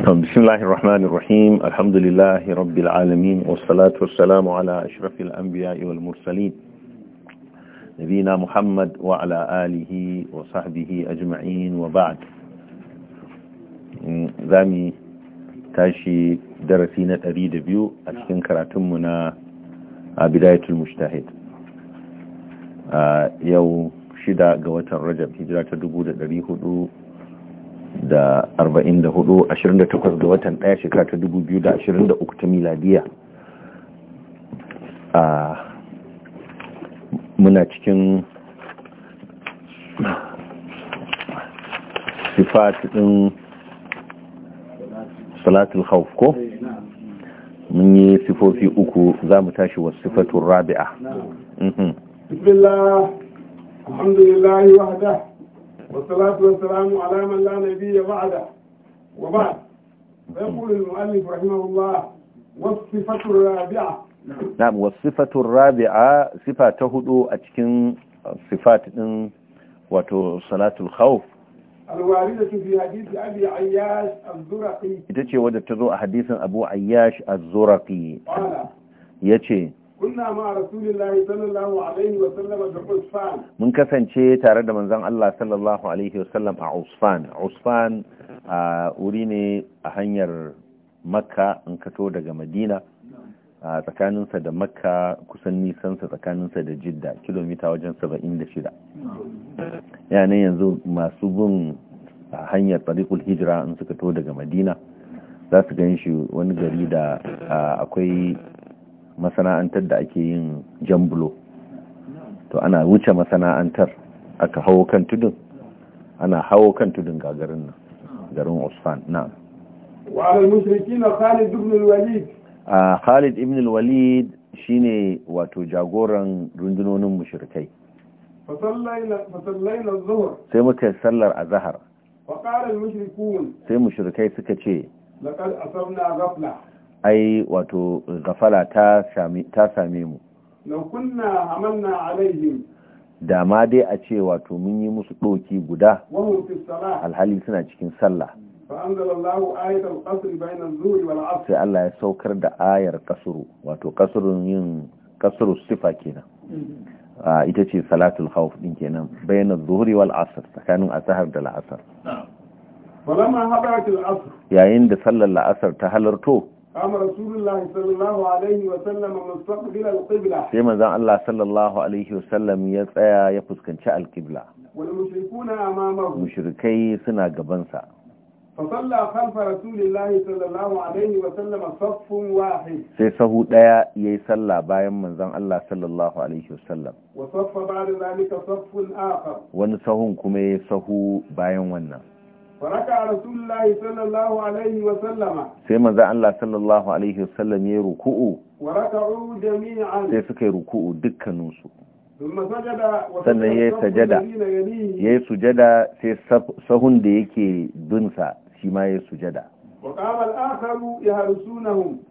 بسم الله الرحمن الرحيم الحمد لله رب العالمين والصلاة والسلام على أشرف الأنبياء والمرسلين نبينا محمد وعلى آله وصحبه أجمعين وبعد ذامي تاشي درسينة تريد بيو أشكن كراتمنا بداية المجتهد يو شدا قوة الرجب هجرة دبودة دريه da 44 28 ga watan 1 shekara ta 2023 ta miladiya a muna cikin sifat din salatul khawf ko mun yi sifofi uku za mu tashi wasu sifatun rabi'a mhm. bismillah alhamdulillah wahda والصلاة والسلام على من لا نبي بعده وبعد فيقول المؤلف رحمه الله والصفة الرابعة نعم والصفة الرابعة صفة تهدو أتكن صفات wato salatul khawf ita ce wadda ta zo a حديث أبو عياش الزرقي قال يتشي mun kasance tare da manzon Allah sallallahu alaihi wasallam a Usfan Usfan a wuri ne a hanyar Makka in kato daga Madina a tsakaninsa da Makka kusan nisansa tsakaninsa da Jidda kilomita wajen 76 yana yanzu masu bin hanyar tariqul hijira in suka to daga Madina za su gan shi wani gari da akwai masana'antar da ake yin jambulo to ana wuce masana'antar aka hawo kan tudun ana hawo kan tudun gagarin nan garin usfan na wa'alal khalid ibn walid a khalid wato jagoran rundunonin mushrikai sai muka sallar a zahar. mushrikun sai mushrikai suka ce ai wato gafala ta same mu da ma dai a ce wato mun yi musu ɗoki guda alhali suna cikin sallah sai Allah ya saukar da ayar kasuru wato kasurun yin kasuru sifa kenan mm-hmm. ah, ita ce salatul khawf din kenan bayan zuhri wal asr tsakanin asahar da la'asar yayin da sallar la'asar ta halarto قام رسول الله صلى الله عليه وسلم مستقبل القبلة كما ذا الله صلى الله عليه وسلم يتسيا يفسكنشا القبلة والمشركون امامه مشركي سنا غبنسا فصلى خلف رسول الله صلى الله عليه وسلم صف واحد sai sahu daya yayi sallah bayan manzon Allah sallallahu alaihi wasallam wa saffa ba'da zalika saffun akhar wani sahun kuma yayi sahu bayan wannan sai manzo Allah sallallahu alaihi wa sallam ya ruku'u sai suka yi ruku'u dukkaninsu sannan ya yi sajada ya yi sujada sai sahun da yake dunsa shi ma ya yi sujada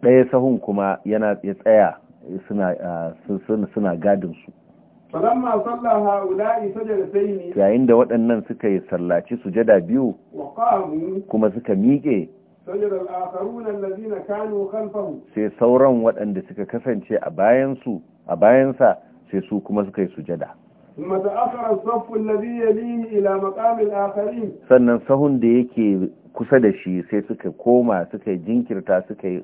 ɗaya sahun kuma yana ya tsaya suna ah, gadinsu falamma salla haula'i yayin da waɗannan suka yi sallaci sujada biyu kuma suka miƙe sai sauran waɗanda suka kasance a bayansu a bayansa sai su kuma suka yi sujada sannan sahun da yake kusa da shi sai suka koma suka jinkirta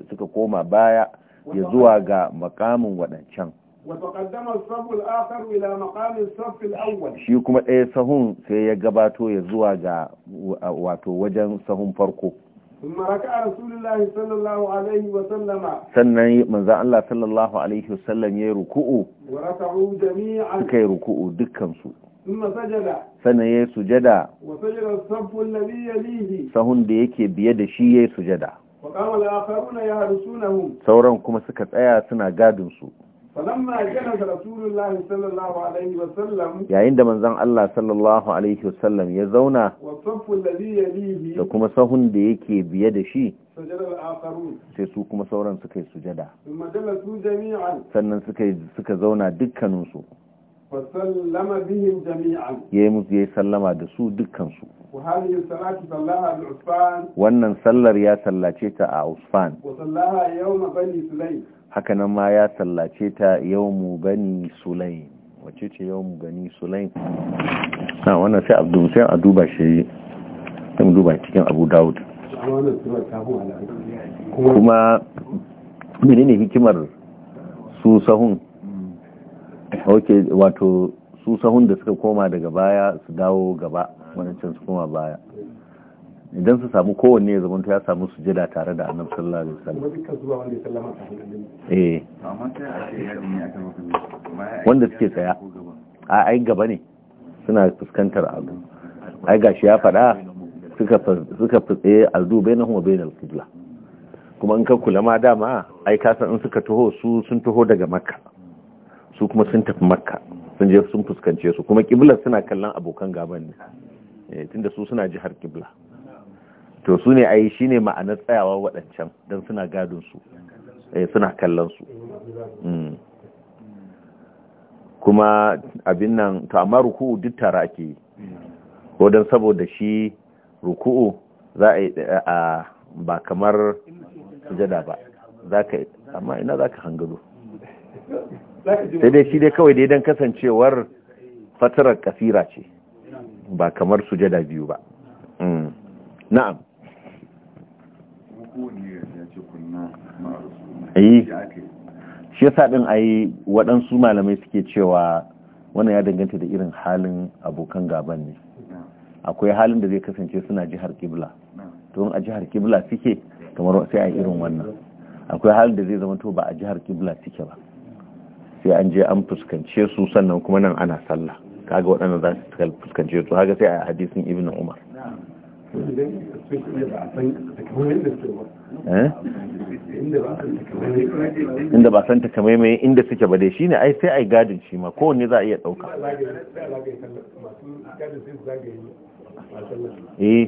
suka koma baya ya zuwa ga makamin waɗancan وتقدم الصف الآخر إلى مقام الصف الأول shi kuma ɗaya sahun sai ya gabato ya zuwa ga wato wajen sahun farko ثم ركع رسول الله صلى الله عليه وسلم sannan manzo Allah sallallahu alaihi wasallam yayi ruku'u وركعوا جميعا kai ruku'u dukkan ثم سجد sannan yayi sujada وسجد الصف الذي يليه sahun da yake biye da shi yayi sujada وقام الآخرون يحرسونهم sauran kuma suka tsaya suna gadin su yayin da manzon Allah sallallahu alaihi wasallam ya zauna da kuma sahun da yake biye da shi sai su kuma sauran suka yi sujada sannan suka zauna dukkaninsu Ya yi musu ya yi sallama da su dukkan wannan sallar ya sallace ta a Usfan wa sallaha yawm bani hakanan ma ya sallace ta mu gani sulai wace ce mu gani sulaim na ah, wannan sai abdu sai a duba shi sai mu duba cikin abu daud kuma ne hikimar su sahun ok wato su sahun da suka koma daga baya su dawo gaba wani can su koma baya idan su samu kowanne ya zamanta ya samu su jira tare da annabi sallallahu alaihi wasallam eh wanda suke tsaya a ai gaba ne suna fuskantar abu ai gashi ya faɗa suka suka fitse aldu bainahum wa bainal qibla kuma in ka kula ma dama ai ka san in suka taho su sun taho daga makka su kuma sun tafi makka sun je sun fuskance su kuma kiblar suna kallon abokan gaban ne eh, tunda su suna jihar kibla to su ne a yi shi ne ma'anar tsayawa waɗancan don suna gadinsu eh, suna kallonsu mm. kuma abin nan to amma ruku'u duk tara ake yi ko don saboda shi ruku'u za a yi ba kamar sujada ba za ka amma ina za ka hangalo sai dai shi dai kawai dai don kasancewar fatarar kasira ce ba kamar sujada biyu ba mm. na'am Eh. shi yasa din ayi waɗansu malamai suke cewa wannan ya danganta da irin halin abokan gaban ne akwai halin da zai kasance suna jihar kibla to a jihar kibla suke kamar sai a irin wannan akwai halin da zai zama to ba a jihar kibla suke ba sai an je an fuskance su sannan kuma nan ana sallah kaga waɗanda za su fuskance su haka sai a hadisin Ibn umar Eh? inda ba san mai inda suke ba dai shine ai sai ai gadin shi ma kowanne za a iya ɗauka eh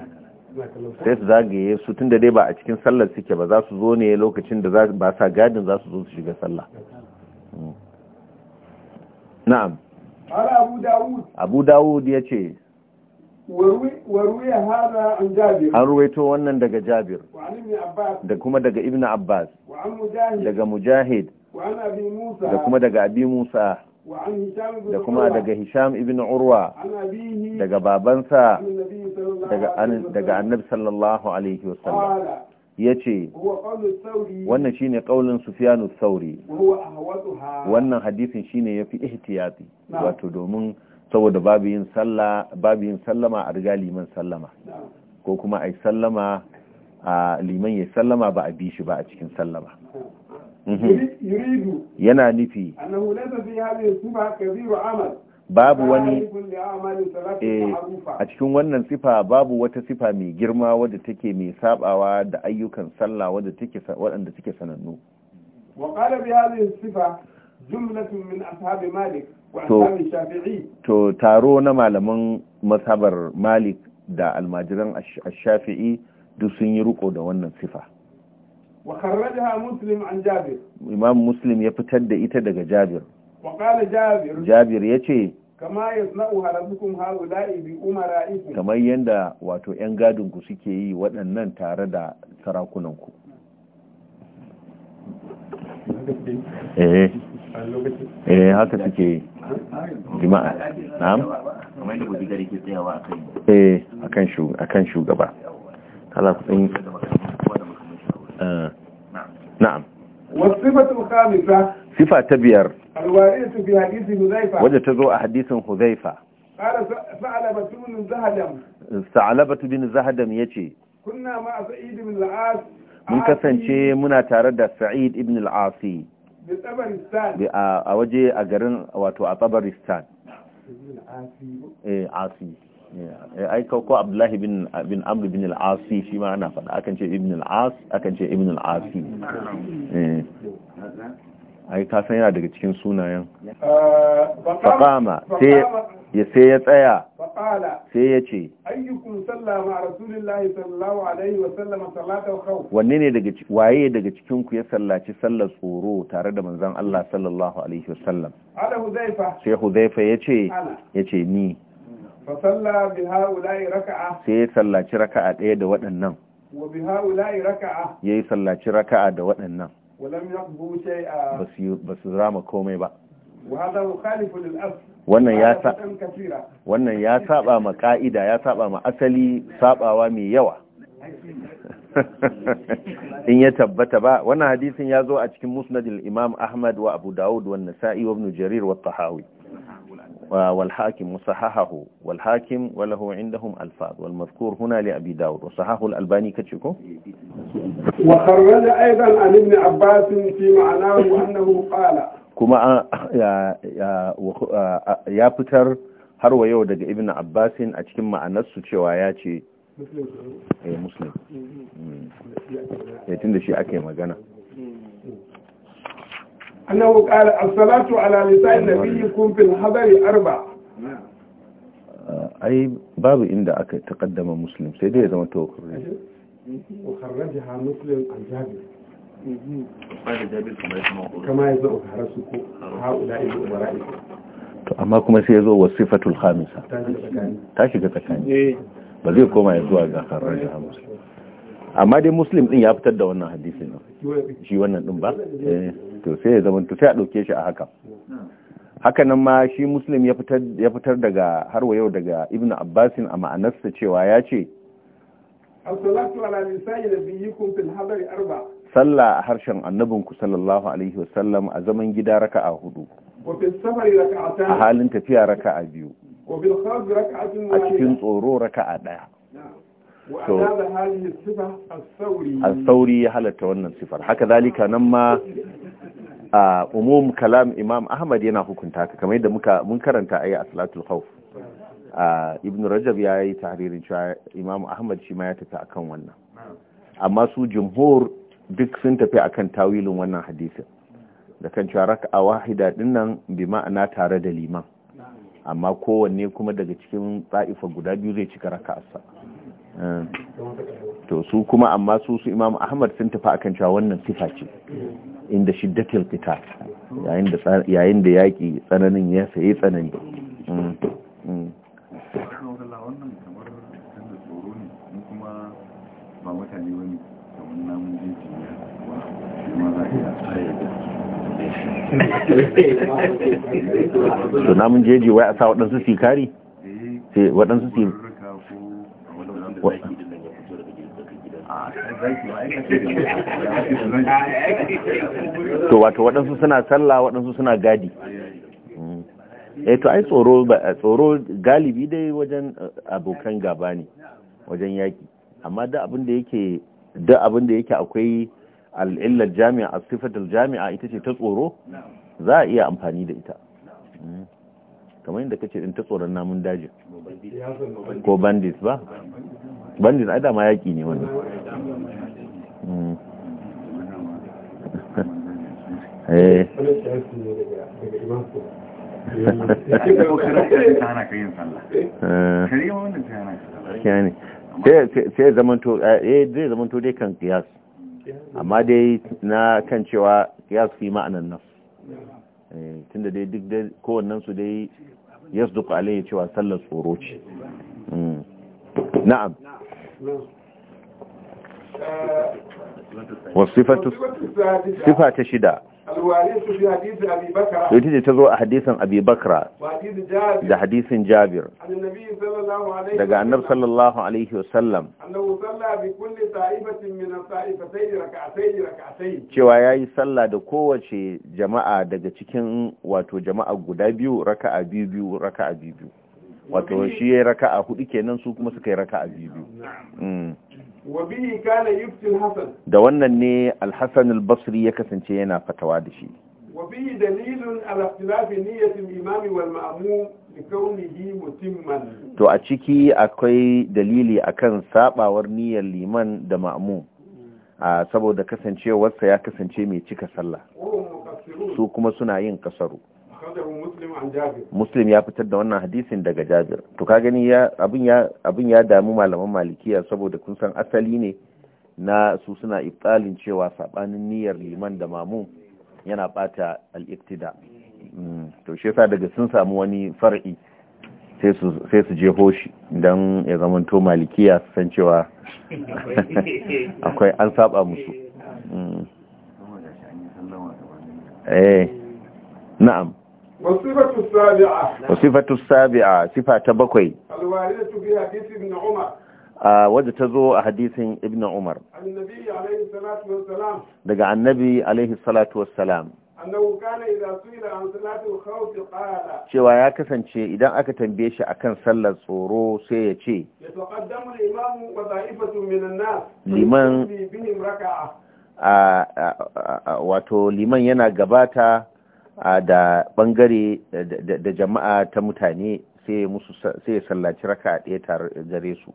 sai su zagaye su tunda dai ba a cikin sallar suke ba za su zo ne lokacin da ba sa gadin za su zo su shiga sallah hmm. na'am abu dawud abu dawud ya ce an ruwaito wannan daga jabir da kuma daga ibn abbas daga mujahid da kuma daga abi musa da kuma daga hisham ibn urwa daga babansa daga annabi sallallahu alaihi wasallam ya ce wannan shi ne ƙaunin sufiyanu sauri wannan hadisin shi ne ya fi ihtiyati wato domin saboda babu yin sallama a riga liman sallama ko kuma a yi sallama a liman ya sallama ba a bi shi ba a cikin sallama mhm. yana nufi babu wani eh, a cikin wannan sifa babu wata sifa mai girma wadda take mai sabawa da ayyukan sallah wadda take waɗanda take sanannu وقال بهذه sifa jumlatun min ashabi malik. to taro na malaman masabar malik da almajiran shafi'i duk sun yi riko da wannan sifa imam muslim ya fitar da ita daga jabir jabir ya ce kamar yadda wato 'yan ku suke yi waɗannan tare da sarakunanku eh haka suke jima'a na'am eh akan shu shugaba kala ku tsin eh. na'am sifa ta biyar Wadda ta zo a hadisin hudhaifa qala sa'alabatu bin zahadam sa'alabatu bin zahadam yace sa'id bin al mun kasance muna tare da sa'id ibn al Uh, a waje a garin wato a tsabaristan asi eh, eh, ai ko abdullahi bin amr bin al-asi shi ma ana faɗa akan ce ibn al-as akan ce ibn al-asi eh. ai ka san yana daga cikin sunayen faqama uh, sai ya sai ya tsaya sai ya ce wanne ne daga waye daga cikin ku ya sallaci sallar tsoro tare da manzon Allah sallallahu alaihi wasallam sai huzaifa ya ce ya ce ni sai ya sallaci raka'a ɗaya da waɗannan ya yi sallaci raka'a da waɗannan ba su rama komai ba wannan ya sa wannan ya saba ma ka'ida ya saba ma asali sabawa mai yawa in ya tabbata ba wannan hadisin ya zo a cikin musnadil imam ahmad wa abu dawud wa nasa'i wa ibn jarir wa tahawi wal hakim musahahahu wal hakim wa lahu indahum alfaz wal mazkur huna li abi dawud wa sahahu al albani kace ko wa kharraja aidan an ibn abbas fi ma'nahu annahu qala kuma ya fitar har wa yau daga ibn abbasin a cikin ma'anarsu cewa ya ce eh muslim yatin mm. eh, da shi ake magana annahu qala as-salatu ala lisan nabiyyikum fil hadari arba eh, ai babu inda aka taƙaddama muslim sai dai ya zama tawakkul wa muslim to amma kuma sai ya zo wasu fatul hamisa ta shiga tsakani eh. ba zai koma ya zuwa ga harar da hamsa amma dai muslim din ya fitar da wannan hadisi ne shi wannan din ba eh. to sai ya zama to sai a dauke shi a haka haka nan ma shi muslim ya fitar daga har wa yau daga Ibn abbasin a ma'anarsa cewa ya ce al salatu ala nisa'i nabiyyikum fil hadari arba' sallah a harshen annabinku sallallahu alaihi wasallam a zaman gida raka'a hudu a halin tafiya raka'a biyu a cikin tsoro raka'a ɗaya. so a sauri ya halatta wannan sifar haka zalika nan ma a umum kalam imam ahmad yana hukunta ka kamar yadda muka mun karanta ayi a salatul khawf a ibn rajab ya yi tahririn cewa imam ahmad shi ma ya tafi akan wannan amma su jumhur duk sun tafi akan tawilin wannan hadisin da kan cewa raka'a wahida dinnan bi ma'ana tare da liman amma kowanne kuma daga cikin tsa'ifa guda biyu zai cika raka'arsa eh. to su kuma amma su su imam ahmad sun tafi akan cewa wannan sifa ce inda shiddatil fitar yayin da yayin da yaki tsananin ya sayi tsanani hmm. to namun jeji wai a sa waɗansu su kari sai waɗansu su to wato waɗansu suna sallah waɗansu suna gadi eh to ai tsoro tsoro galibi dai wajen eh, abokan gaba ne wajen yaki amma da abin da yake da abin da yake akwai al'illar jami'a a sifatar jami'a ita ce ta tsoro za a iya amfani da ita mm. kamar yadda kace in ta tsoron namun daji ko bandit ba bandit ai dama yaki ne wannan mm. eh. Eh. sai zamanto eh, zai zamanto dai kan kiyas amma dai na kan cewa kiyas fi ma'anan nas Eh, tunda dai duk kowannen su dai yasduq alayhi cewa sallar tsoro ce hmm. na'am eh, wasifatu sifa ta shida ita ce ta zo a hadisin abubakar da hadisin jabir daga annab sallallahu alaihi wasallam cewa ya yi sallah da kowace jama'a daga cikin wato jama'a guda biyu raka'a biyu biyu raka'a biyu biyu wato shi ya yi raka'a hudu kenan su kuma suka yi raka'a biyu biyu da wannan ne alhassan albasri ya kasance yana fatawa da shi to a ciki akwai dalili a kan sabawar niyyar liman da ma'amu hmm. ah, saboda kasancewarsa ya kasance mai cika sallah su kuma suna yin kasaru muslim ya fitar da wannan hadisin daga jabir to ka gani abin ya damu malaman malikiya saboda kun san asali ne na su suna iftalin cewa saɓanin niyyar liman da mamun yana bata al'iktida to shi daga sun samu wani far'i sai su jeho shi don ya zamanto malikiya su san cewa akwai an saba musu na'am wasifatu sabi'a sifa ta bakwai wadda ta zo a hadisin ibn umar daga annabi alaihi salatu wassalam cewa ya kasance idan aka tambaye shi kan sallar tsoro sai ya ce liman wato liman yana gabata da bangare da jama'a ta mutane sai musu sai ya sallaci raka ɗaya tare gare su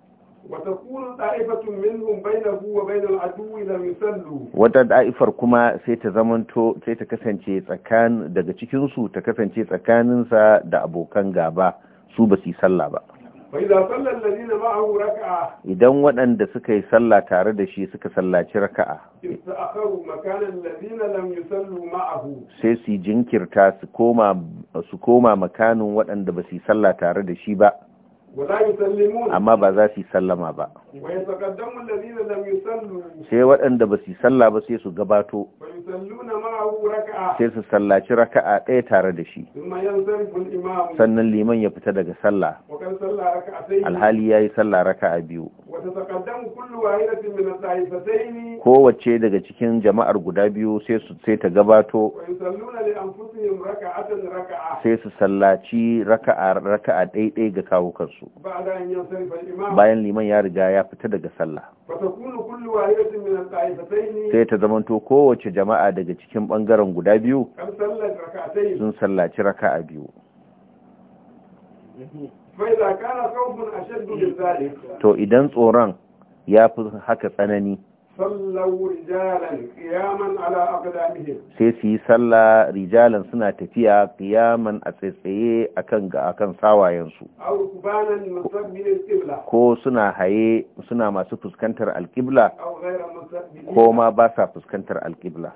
wata da'ifar kuma sai ta zamanto sai ta kasance tsakanin daga cikinsu ta kasance tsakaninsa da abokan gaba su ba su yi sallah ba idan waɗanda suka yi sallah tare da shi suka sallaci raka'a sai su jinkirta su koma makanin waɗanda ba su yi sallah tare da shi ba amma ba za su yi sallama ba sai waɗanda ba su sallah ba sai su gabato sai su sallaci raka'a ɗaya tare da shi sannan liman ya fita daga sallah alhali ya yi sallah raka'a biyu kowace daga cikin jama'ar guda biyu sai su sai ta gabato sai su sallaci raka'a raka'a ɗaya ga kawukansu bayan liman ya riga ya fita daga sallah sai ta zamanto kowace jama'a daga cikin ɓangaren guda biyu sun sallaci raka a biyu to idan tsoron ya fi haka tsanani sai su yi sallah rijalan suna tafiya kiyaman a tsaitsaye akan ga akan sawayensu, ko suna haye suna masu fuskantar alkibla ko ma ba sa fuskantar alkibla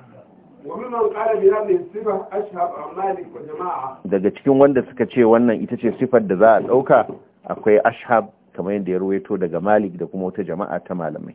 daga cikin wanda suka ce wannan ita ce sifar da za a ɗauka akwai ashab kamar yadda ya ruwaito daga malik da kuma wata jama'a ta malamai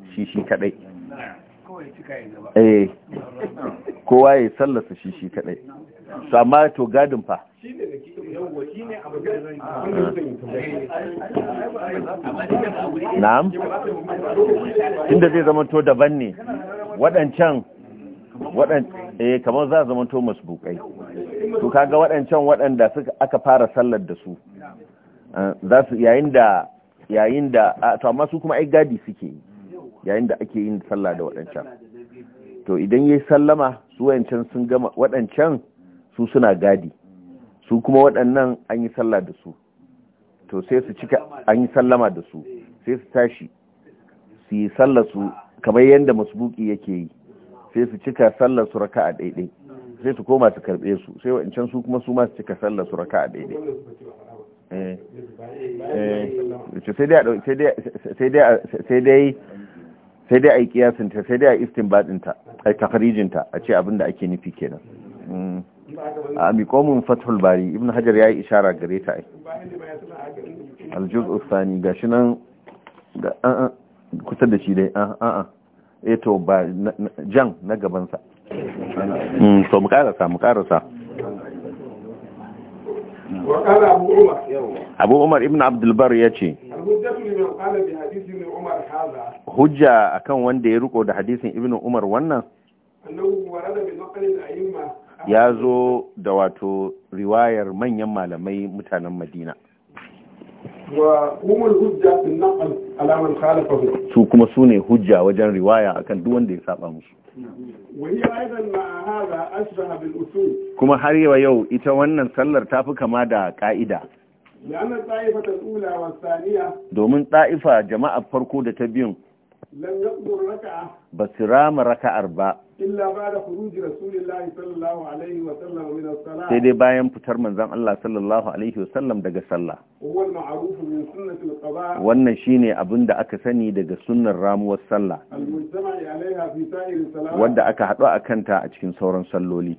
shi shi kadai eh kowa ya sallasa shi shi kadai to amma to gadin fa na'am da zai zama to daban ne waɗancan eh kamar za zama to bukai, to kaga waɗancan waɗanda suka aka fara sallar da su ah, za su yayin da yayin da ah, to amma su kuma ai gadi suke yi yayin da ake yin sallah da waɗancan to idan yayi sallama su waɗancan sun gama waɗancan su suna gadi su kuma waɗannan an yi sallah da su to sai su cika an yi sallama da su sai su tashi su yi sallah su kamar yadda masbuki yake yi sai su cika sallah su raka a daidai sai su koma su karbe su sai wancan su kuma su ma su cika sallah su raka a daidai eh. Eh. sai dai sai dai a yi kiyasinta sai dai a baɗinta a takarijinta a ce abinda ake nufi kenan mm. a amikomin fathul bari ibn hajar ya yi ishara gare ta ai aljuz ustani ga shi nan kusa da shi dai a'a eto eh ba jan na gabansa so mm, mu karasa mu karasa abu umar ibn abdulbar ya ce hujja akan wanda ya riko da hadisin ibn umar wannan ya zo da wato riwayar manyan malamai mutanen madina su kuma su ne hujja wajen riwaya akan duk wanda ya saba musu kuma har yau ita wannan sallar ta fi kama da ka'ida domin Ta'ifa jama'a farko da ta biyun ba su rama raka'ar ba sai dai bayan fitar manzan Allah sallallahu alaihi wasallam daga sallah wannan shine abin da aka sani daga sunnar ramuwar sallah wanda aka haɗu a kanta a cikin sauran salloli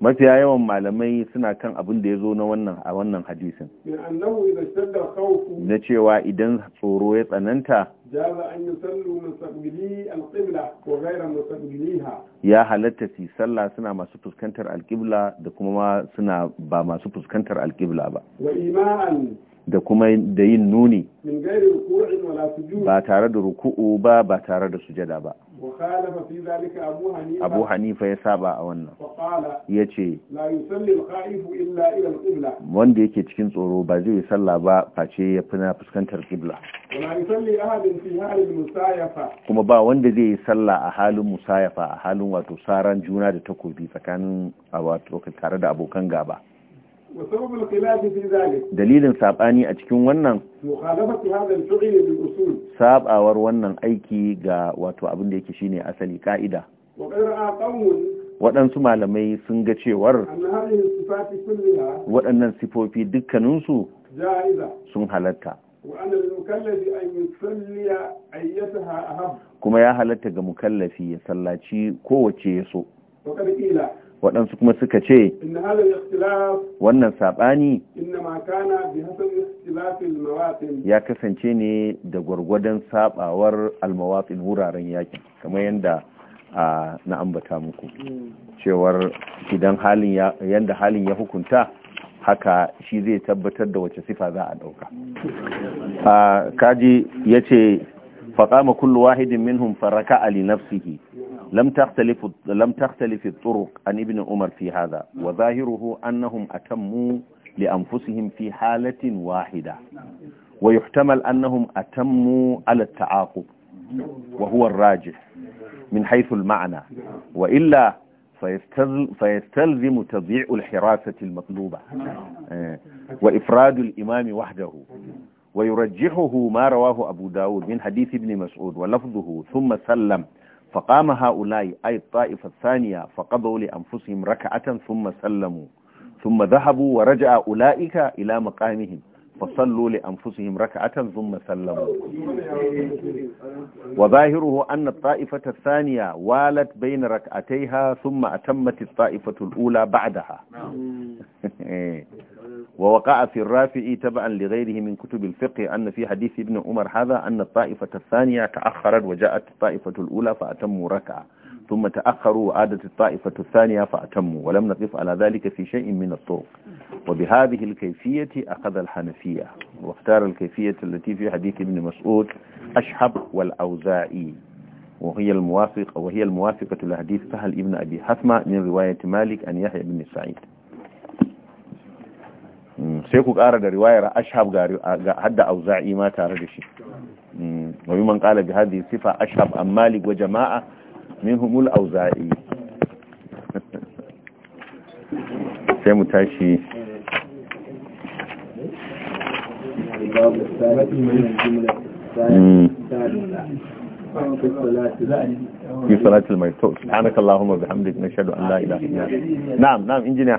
mafiya yawan malamai suna kan abin da ya zo na wannan a wannan hadisin na cewa idan tsoro ya tsananta جاب أن يصلوا مستقبلي القبلة وغير مستقبليها يا halatta su sallah suna masu fuskantar alƙibla da kuma suna ba masu fuskantar alƙibla وإيماء da kuma da yin nuni ba tare da ruku'u ba ba tare da sujada ba abu hanifa ya saba a wannan ya ce wanda yake cikin tsoro ba zai yi sallah ba face ya fi na fuskantar kibla kuma ba wanda zai yi sallah a halin musayafa a halin wato saran juna da takobi tsakanin wato tare da abokan gaba dalilin saɓani a cikin wannan saɓawar wannan aiki ga wato abin da yake shine asali ka'ida waɗansu malamai sun ga cewar waɗannan sifofi dukkaninsu sun halatta kuma ya halatta ga mukallafi ya sallaci kowace ya so waɗansu kuma suka ce wannan saɓani ya kasance ne da gwargwadon saɓawar almawatsin wuraren yaƙi kamar yadda na ambata muku cewar idan yadda halin ya hukunta haka shi zai tabbatar da wace sifa za a ɗauka kaji ya ce faƙama kullu wahidin minhum faraka ali nafsihi لم تختلف لم تختلف الطرق عن ابن عمر في هذا نعم. وظاهره أنهم أتموا لأنفسهم في حالة واحدة ويحتمل أنهم أتموا على التعاقب وهو الراجح من حيث المعنى وإلا فيستلزم تضييع الحراسة المطلوبة آه، وإفراد الإمام وحده ويرجحه ما رواه أبو داود من حديث ابن مسعود ولفظه ثم سلم فقام هؤلاء أي الطائفة الثانية فقضوا لأنفسهم ركعة ثم سلموا ثم ذهبوا ورجع أولئك إلى مقامهم فصلوا لأنفسهم ركعة ثم سلموا وظاهره أن الطائفة الثانية والت بين ركعتيها ثم أتمت الطائفة الأولى بعدها ووقع في الرافع تبعا لغيره من كتب الفقه أن في حديث ابن عمر هذا أن الطائفة الثانية تأخرت وجاءت الطائفة الأولى فأتموا ركعة ثم تأخروا وعادت الطائفة الثانية فأتموا ولم نقف على ذلك في شيء من الطرق وبهذه الكيفية أخذ الحنفية واختار الكيفية التي في حديث ابن مسعود أشحب والأوزاعي وهي الموافقة وهي الموافقة لحديث سهل ابن أبي حثمة من رواية مالك أن يحيى بن سعيد sai ku ƙara da riwayar ashab ga hadda auza'i ma tare da shi mm, wa yi man qala bi hadhihi sifa ashab an malik wa jama'a min humul auza'i sai mu tashi في صلاة الميتوت سبحانك اللهم وبحمدك نشهد أن لا إله إلا أنت نعم نعم إنجنير